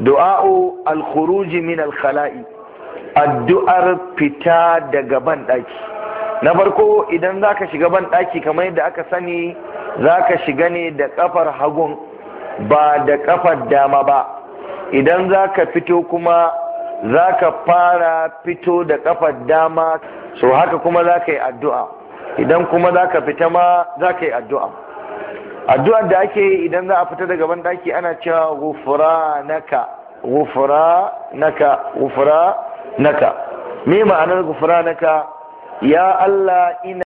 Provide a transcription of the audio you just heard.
du'a'u al-khuruji min al-khala'i addu'ar fita daga ban na farko idan zaka shiga ban kamar yadda aka sani zaka shiga ne da kafar hagun ba da kafar dama ba idan zaka fito kuma zaka fara fito da kafar dama so haka kuma zaka yi addu'a idan kuma zaka fita ma zaka yi addu'a addu'ar da ake yi idan za a fita daga bandaki ana cewa gufranaka gufranaka naka!" me ma'anar gufranaka ya Allah ina